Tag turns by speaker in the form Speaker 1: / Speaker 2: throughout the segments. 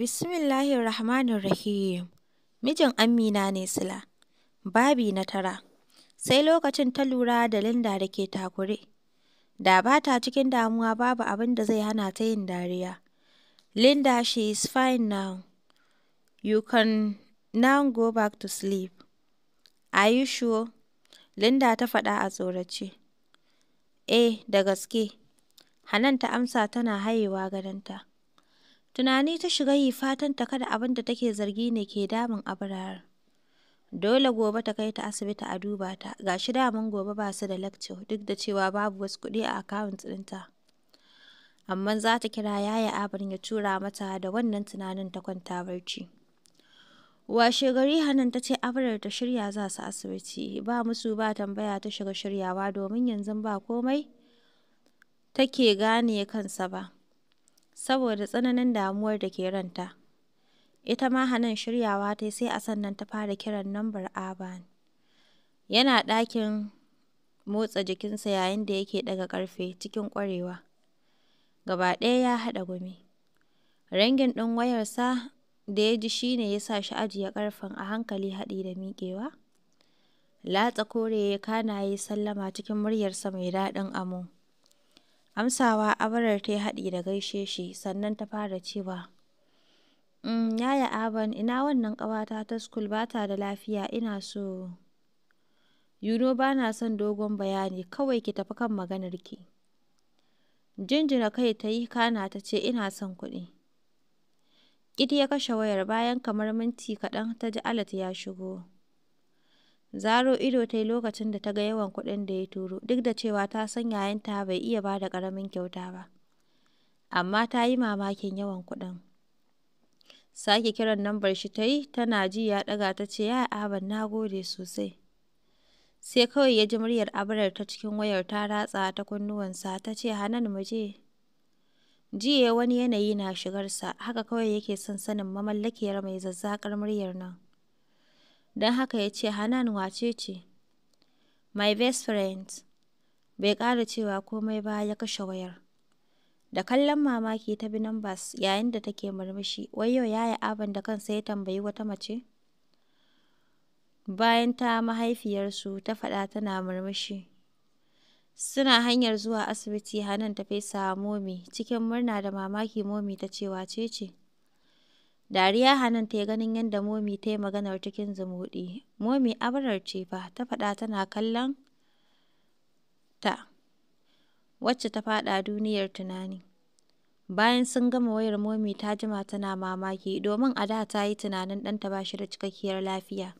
Speaker 1: Bismillahir Rahmanir Rahim. Mijin Amina ne Sila. Babi na tara. Sai lokacin ta lura da Linda da ke takure. Da ba ta cikin damuwa babu abin da zai hana ta yin dariya. Linda she is fine now. You can now go back to sleep. Are you sure? Linda ta faɗa a tsorace. Eh, da gaske. Hanan ta amsa tana hayewa gadonta. Tunani ta shiga yi fatan ta kada abin da take zargi ne ke damun Abraar. Dole gobe ta kai ta asibiti a duba ta, ga shi daman gobe ba su da lecture duk da cewa babu wasu kuɗi a akawunt ɗinta. Amma za ta kira yaya Abin ya tura mata da wannan tunanin ta kwanta barci. Washe gari Hanan ta ce Abrar ta shirya za su asibiti, ba musu ba tambaya ta shiga shiryawa domin yanzu ba komai take gane kansa ba. saboda tsananin damuwar da ke ranta. Ita ma Hanan shiryawa ta sai a sannan ta fara kiran nambar aban Yana ɗakin motsa jikinsa yayin da yake daga ƙarfe cikin ƙwarewa. Gaba ɗaya ya haɗa gumi. Rangin ɗin wayarsa da ya ji shi ne ya sa shi ajiye ƙarfin a hankali haɗi da miƙewa. Latsa kore ya kana ya yi sallama cikin muryarsa mai daɗin amo. Amsawa abarar ta yi haɗi da gaishe shi, sannan ta fara cewa, mm, Yaya aban ina wannan ƙawata ta skul ba ta da lafiya ina so, you ba na son dogon bayani, kawai ki tafi kan maganarki.” Jinjina kai ta yi kana ta ce, “Ina son kuɗi.” ƙiti ya kashe wayar, bayan kamar minti kaɗan ta ji Alat ya shigo. Zaro ido ta yi lokacin da ta ga yawan kuɗin da ya turo, duk da cewa ta san yayanta bai iya ba da ƙaramin kyauta ba, amma ta yi mamakin yawan kuɗin. Sake kiran nambar shi ta yi, tana ji ya ɗaga ta ce, Ya Aban, na gode sosai." Sai kawai ya ji muryar Abrar ta cikin wayar ta ratsa ta kunnuwansa ta ce, "Hanan mu je." Jiya wani yanayi na shigarsa, haka kawai yake son sanin mamallakiyar mai zazzakar muryar nan. don haka ya ce, “Hanan wace ce?” “My best friend,” bai ƙara cewa komai ba ya kashe wayar. Da kallon mamaki ta bi Numbers yayin da take murmushi, “Wai yau yi abin da kansa ya tambayi wata mace?” Bayan ta mahaifiyarsu ta faɗa tana murmushi. Suna hanyar zuwa asibiti, Hanan ta fesa Momi. Cikin murna da mamaki Momi ta ce, ce?” Dariya Hanan ta yi ganin yadda Momi ta yi maganar cikin zumuɗi. Momi Abarar ce fa, ta faɗa tana kallon ta, wacce ta faɗa duniyar tunani. Bayan sun gama wayar Momi ta jima tana mamaki, domin a da ta yi tunanin ɗanta ba shi da cikakkiyar lafiya.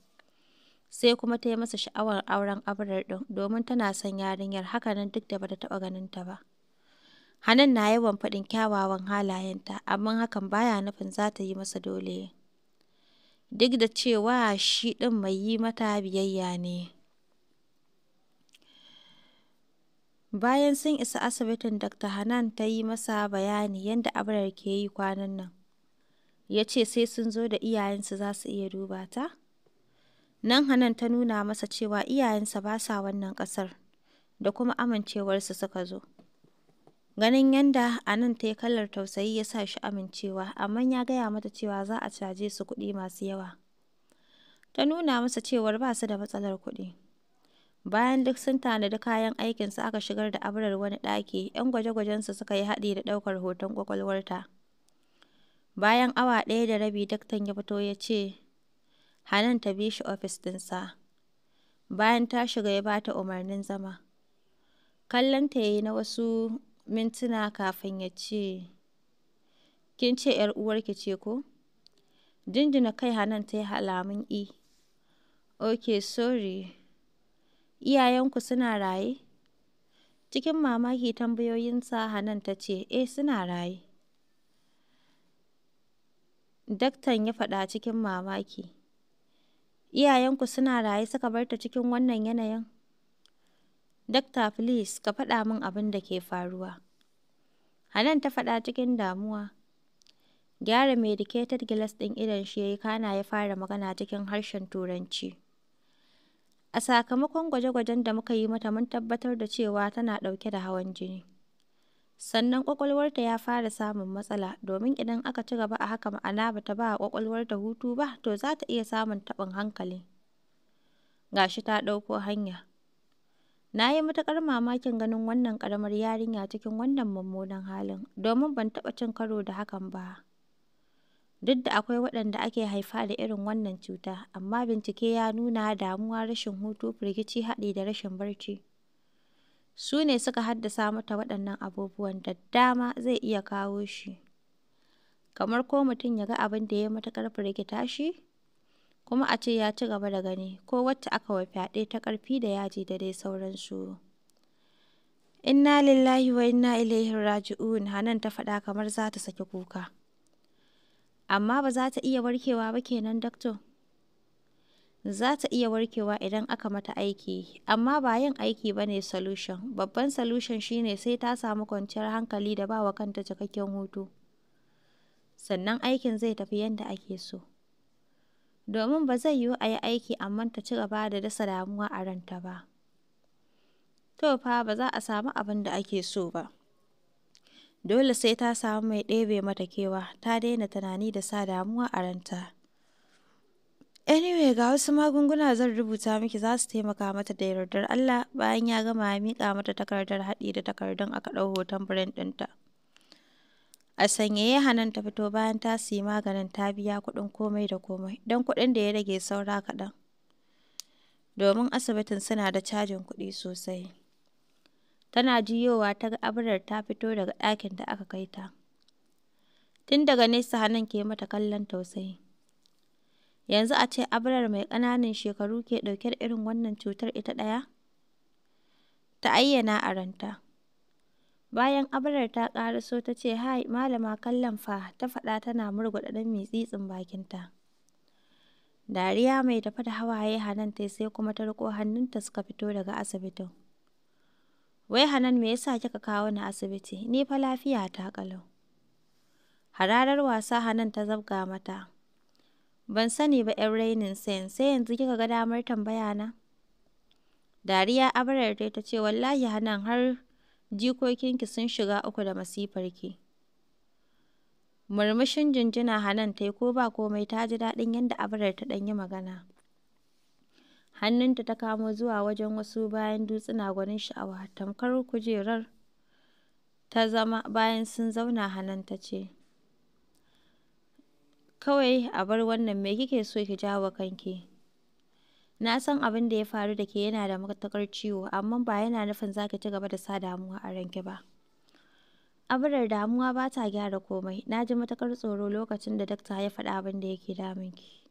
Speaker 1: Sai kuma ta yi masa sha'awar auren Abarar ɗin, domin tana son yarinyar, hakanan duk da bata taɓa ganin ta ba. hanan na yawan faɗin kyawawan halayenta, amma hakan baya nufin za ta yi masa dole, duk da cewa shi ɗin mai yi mata biyayya ne. Bayan sun isa asibitin, Dr. Hanan ta yi masa bayani yadda Abrar ke yi kwanan nan. Ya ce sai sun zo da iyayensu za su iya duba ta. Nan Hanan ta nuna masa cewa iyayensa ba sa wannan ƙasar, da kuma amincewarsa suka zo. Ganin yadda nan ta yi kalar tausayi ya sa shi amincewa, amma ya gaya mata cewa za a caje su kuɗi masu yawa. Ta nuna masa cewar ba su da matsalar kuɗi. Bayan duk sun tanadi kayan aikinsu aka shigar da Abrar wani ɗaki, 'yan gwaje-gwajensu suka yi haɗi da ɗaukar hoton kwakwalwarta Bayan awa ɗaya da rabi daktan ya fito ya ce Hanan ta bi shi ofis ɗinsa. Bayan ta shiga ya ba ta umarnin zama. Kallon ta yi na wasu mintuna kafin ya ce, “Kin ce ‘yar uwarki ce ko?” Jinjina kai hannun ta yi alamun i. E. “Ok, sorry. Iyayenku suna raye?” Cikin mamaki tambayoyinsa, hannun ta ce, “Eh, suna raye.” Daktan ya faɗa cikin mamaki. “Iyayenku suna raye suka barta cikin wannan yanayin?” Dakta please ka faɗa min abin da ke faruwa. Hanan ta faɗa cikin damuwa. Gyara medicated gilas ɗin idon shi ya yi kana ya fara magana cikin harshen Turanci. A sakamakon gwaje-gwajen da muka yi mata mun tabbatar da cewa tana ɗauke da hawan jini. Sannan ƙwaƙwalwarta ya fara samun matsala domin idan aka ci gaba a haka ma'ana ba ta ba ƙwaƙwalwarta hutu ba to za ta iya samun taɓin hankali. Ga shi ta ɗauko hanya. Na yi matuƙar mamakin ganin wannan ƙaramar yarinya cikin wannan mummunan halin, domin ban taɓa cin karo da hakan ba. Duk da akwai waɗanda ake haifa da irin wannan cuta, amma bincike ya nuna damuwa, rashin hutu, firgici, haɗi da rashin barci su ne suka haddasa mata waɗannan abubuwan da dama zai iya kawo shi, kamar ko mutum ya ga abin da ya yi matuƙar firgita shi kuma a ce ya ci gaba da gani ko wacce aka wa fyaɗe ta ƙarfi da yaji da dai sauransu. Inna lillahi wa inna ilaihi raji'un Hanan ta faɗa kamar za ta saki kuka. Amma ba za ta iya warkewa ba kenan dakto? Za ta iya warkewa idan aka mata aiki, amma ba yin aiki ba ne solution. Babban solution shine sai ta samu kwanciyar hankali da ba wa kanta cikakken hutu. Sannan aikin zai tafi yadda ake so. domin ba zai yiwu a yi aiki amma ta ci gaba da dasa damuwa a ranta ba. To fa ba za a samu abin da ake so ba. Dole sai ta samu mai ɗebe mata kewa, ta daina tunani da sa damuwa a ranta. Anyway, ga wasu magunguna zan rubuta miki za su taimaka mata da yardar Allah bayan ya gama ya miƙa mata takardar haɗi da takardun aka ɗau hoton brand ɗinta. A sanyaye hanan ta fito bayan ta sayi maganin ta biya kuɗin komai da komai don kuɗin da ya rage saura kaɗan, domin asibitin suna da cajin kuɗi sosai. Tana jiyowa ta ga Abrar ta fito daga ɗakin da aka kai ta. Tun daga nesa Hannun ke mata kallon tausayi. Yanzu a ce Abrar mai ƙananan shekaru ke ɗauke da irin wannan cutar ita ɗaya? Ta ayyana a ranta. Bayan Abarar ta ƙaraso ta ce, "Hi, Malama kallon fa," ta faɗa tana murguɗa ɗan mitsitsin bakinta. Dariya mai tafa da hawaye Hanan ta sai kuma ta riko hannunta suka fito daga asibitin. "Wai Hanan me yasa kika kawo ni asibiti? Ni fa lafiya ta ƙalau." Hararar wasa Hanan ta zabga mata. "Ban sani ba 'yan rainin sayin, sai yanzu kika ga damar tambaya na?" Dariya Abarar ta ta ce, "Wallahi Hanan har Jikokinki sun shiga uku da masifarki. Murmushin jinjina Hanan ta yi ko ba komai ta ji daɗin yadda Abrar ta ɗan yi magana. Hannunta ta kamo zuwa wajen wasu bayan dutsuna gwanin sha'awa tamkar kujerar ta zama bayan sun zauna Hanan ta ce. Kawai a bar wannan me kike so ki jawo kanki? Na san abin da ya faru da ke yana da matuƙar ciwo, amma ba yana nufin za ki ci gaba da sa damuwa a ranki ba. Abirar damuwa ba ta gyara komai. Na ji matuƙar tsoro lokacin da dakta ya faɗa abin da yake damunki.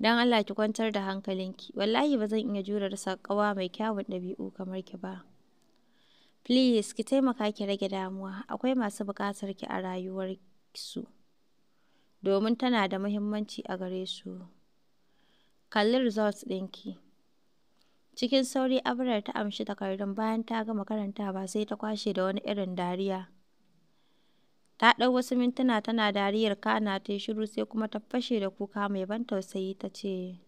Speaker 1: Don Allah ki kwantar da hankalinki. Wallahi ba zan iya jure rasa ƙawa mai kyawun ɗabi'u kamar ki ba. Please, ki taimaka ki rage damuwa. Akwai masu buƙatar ki a rayuwar su Domin tana da muhimmanci a gare su. kalli results ɗinki. Cikin sauri Abigail ta amshi takardun bayan ta gama ba sai ta kwashe da wani irin dariya. Ta ɗau wasu mintuna tana dariyar kana ta yi shiru sai kuma ta fashe da kuka mai ban tausayi ta ce,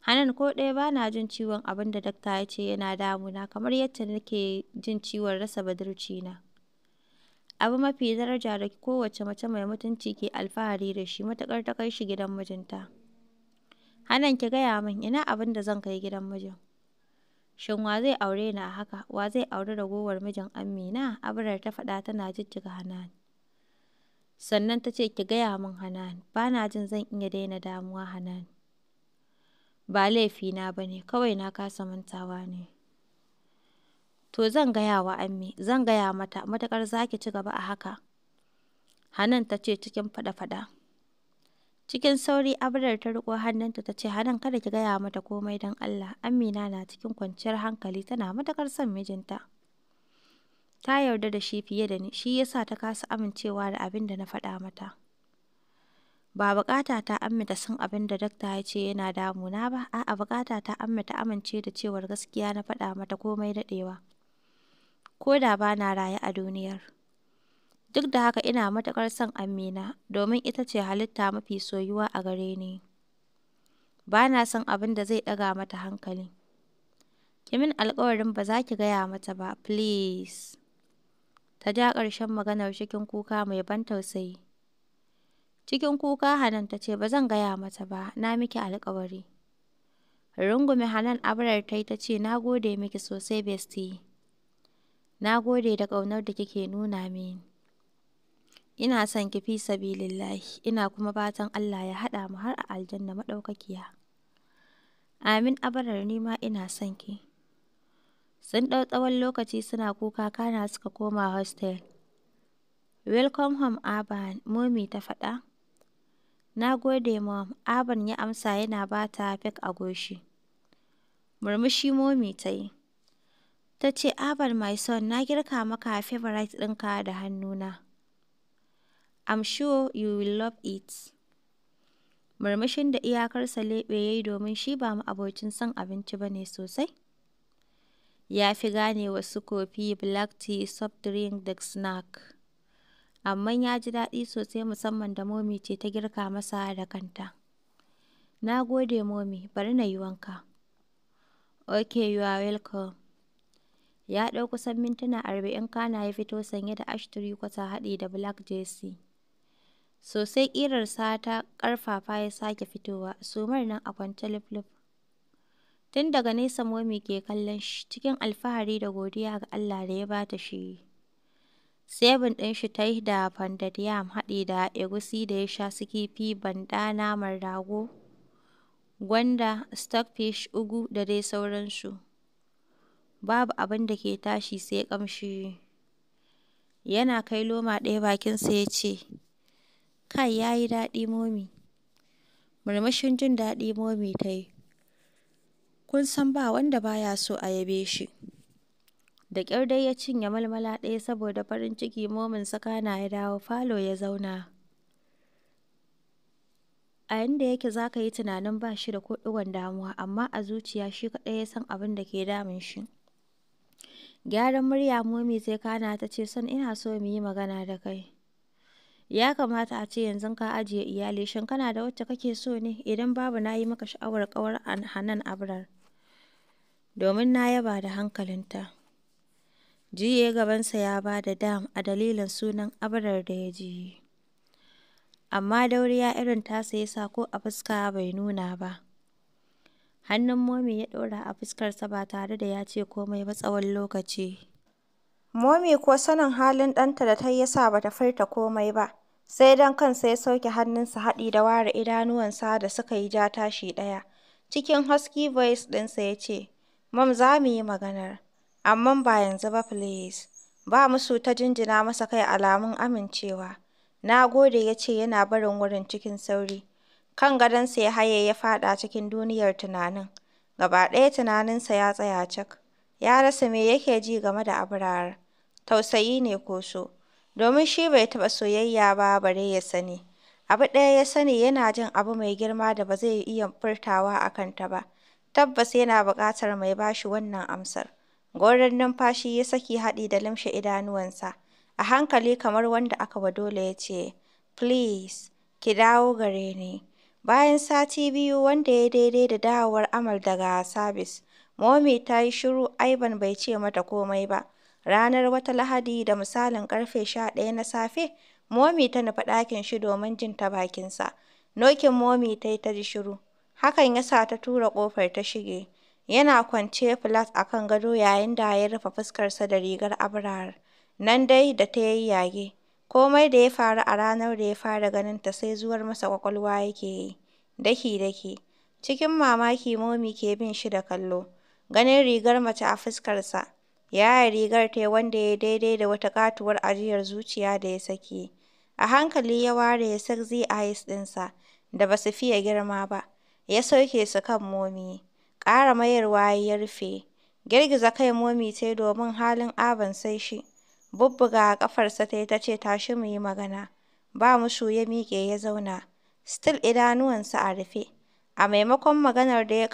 Speaker 1: Hanan ko ɗaya ba na jin ciwon abin da dakta ya ce yana damuna kamar yadda nake jin ciwon rasa badurcina. Abu mafi daraja da kowace mace mai mutunci ke alfahari da shi matuƙar ta kai shi gidan mijinta. hanan ki gaya min, ina abin da zan kai gidan mijin? Shin wa zai aure ni a haka? Wa zai auri ragowar mijin Amina? Abrar ta faɗa tana jijjiga Hanan. Sannan ta ce, ki gaya min Hanan, ba na jin zan iya daina damuwa Hanan. Ba na ba ne, kawai na kasa mantawa ne. To zan gaya wa Ammi, zan gaya mata, matuƙar zaki ki ci gaba a haka. Hanan ta ce cikin faɗa-faɗa. Cikin sauri Abigail ta riƙo hannunta ta ce, Hanan, kada ki gaya mata komai don Allah. Amina na cikin kwanciyar hankali, tana matuƙar son mijinta. Ta yarda da shi fiye da ni, shi yasa ta kasa amincewa da abin da na faɗa mata. Ba buƙata ta aminta san abin da dakta ya ce yana damuna ba, a'a buƙata ta aminta amince da cewar gaskiya na faɗa mata komai daɗewa. Ko da ba na raye a duniyar. Duk da haka ina matuƙar son Amina domin ita ce halitta mafi soyuwa a gare ni. Ba na son abin da zai ɗaga mata hankali. Ki min alƙawarin ba za ki gaya mata ba, please. Ta ja ƙarshen maganar cikin kuka mai ban tausayi. Cikin kuka Hanan ta ce, ba zan gaya mata ba, na miki alƙawari. Rungume Hanan abrar ta yi ta ce, na gode miki sosai, besti. Na gode da ƙaunar da kike nuna mini. Ina son ki fi sabilillahi, ina kuma batan Allah ya haɗa mu har a aljanna maɗaukakiya. Amin Abarar ni ma ina son ki. Sun ɗau tsawon lokaci suna kuka kana suka koma hostel. Welcome home Aban, Momi ta faɗa. Na gode ma Aban ya amsa yana ba ta fek a goshi. Murmushi Momi ta yi. Ta ce Aban my son na girka maka favorite ɗinka da hannuna. I'm sure you will love it. Murmushin da iyakarsa leɓe ya yi domin shi ba ma'abocin son abinci ba ne sosai. Ya fi gane wasu kofi, black tea, soft drink da snack. Amma ya ji daɗi sosai musamman da momi ce ta girka masa da kanta. Na gode momi, bari na yi wanka. Ok, you are welcome. Ya ɗau kusan mintuna arba'in kana ya fito sanye da ashtiri kwata haɗi da black jersey. sosai ƙirar ta karfafa ya sake fitowa, sumar nan a kwanta lif-lif. Tun daga nesa Momi ke kallon shi cikin alfahari da godiya ga Allah da ya bata shi. seven ɗin shi ta yi da pounded yam haɗi da egusi da ya sha su kifi banda naman rago, gwanda, stockfish, ugu da dai sauransu. Babu abin da ke tashi sai kamshi. Yana kai loma ɗaya bakinsa ya ce, Kai yi daɗi momi. Murmushin jin daɗi momi ta yi. Kun san ba wanda baya so a yabe shi. Da ƙyar dai ya cinye malmala ɗaya saboda farin ciki momin na ya dawo falo ya zauna. A yanda yake za ka yi tunanin ba shi da ko damuwa amma a zuciya shi kaɗai ya san abin da ke damun shi. Gyaran murya momi sai kana ta ce son ina so mu yi magana da kai. Ya kamata a ce yanzu ka ajiye iyali, shin kana da wacce kake so ne? Idan babu na yi maka sha'awar ƙawar hannun Abrar, domin na yaba da hankalinta. jiye gabansa ya ba da dam a dalilin sunan Abrar da ya ji. Amma ya irin tasa ya sa ko a fuska bai nuna ba. Hannun Momi ya ɗora a fuskarsa ba tare da ya ce komai ba tsawon lokaci. momi kuwa sanin halin ɗanta da ta yi ya sa ba ta furta komai ba, sai don kansa ya sauke hannunsa haɗi da ware idanuwansa da suka yi ja tashi ɗaya, cikin husky voice ɗinsa ya ce, "Mam, za mu yi maganar, amma ba yanzu ba please. Ba musu ta jinjina masa kai alamun amincewa. Na gode ya ce yana barin wurin cikin sauri. Kan gadonsa ya haye ya faɗa cikin duniyar tunanin. Gaba ɗaya tunaninsa ya tsaya cak. Ya rasa me yake ji game da Abrar. tausayi ne ko so, domin shi bai taɓa soyayya ba bare ya sani. Abu ɗaya ya sani yana jin abu mai girma da ba zai iya furtawa a kanta ba. Tabbas yana buƙatar mai ba shi wannan amsar. goran numfashi ya saki haɗi da limshe idanuwansa. A hankali kamar wanda aka wa dole ya ce, Please, ki dawo gare ni. Bayan sati biyu wanda ya daidai da dawowar Amal daga sabis, Momi ta yi shiru Ivan bai ce mata komai ba. Ranar wata Lahadi da misalin karfe sha ɗaya na safe, Mommy ta nufi ɗakin shi domin jin ta bakinsa. Nokin momi ta yi ta ji shiru, hakan ya sa ta tura ƙofar ta shige. Yana kwance flat a kan gado yayin da ya rufe fuskarsa da rigar abrahar. Nan dai da ta yage. komai da ya faru a ranar da ya fara ganin ta sai zuwar masa ƙwaƙwalwa yake yi, daki-daki. Cikin mamaki momi ke bin shi da kallo, ganin rigar mace a fuskarsa. Yaya rigar tai wanda ya yi daidai da wata katuwar ajiyar zuciya da ya sake, a hankali ya ware ya sexy eyes ɗinsa da ba su fiye girma ba, ya sauke su kan momi. ƙara mayarwa ya ya rufe, girgiza kai momi sai domin halin aban sai shi, bubbuga a ƙafarsa ta yi ta ce tashi mu yi magana, ba mushu ya miƙe ya zauna, Stil idanuwansa a rufe, a maimakon maganar da ya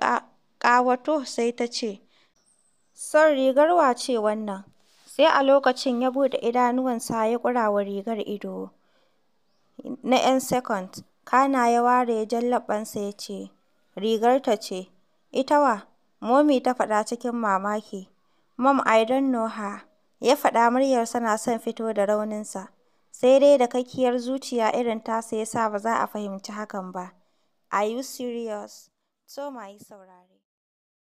Speaker 1: ƙawato sai ta ce Son rigar wace wannan? Sai a lokacin ya buɗe idanuwansa ya ƙurawa rigar ido na 'yan second kana ya ware jan leɓɓansa ya ce, "Rigar ta ce." "Ita wa?" momi ta faɗa cikin mamaki. "Mom, I don't know her," ya faɗa muryarsa na son fito da rauninsa, sai dai da kakkiyar zuciya irin tasa ya sa ba za a fahimci hakan ba. "Are you serious?" ma yi saurare.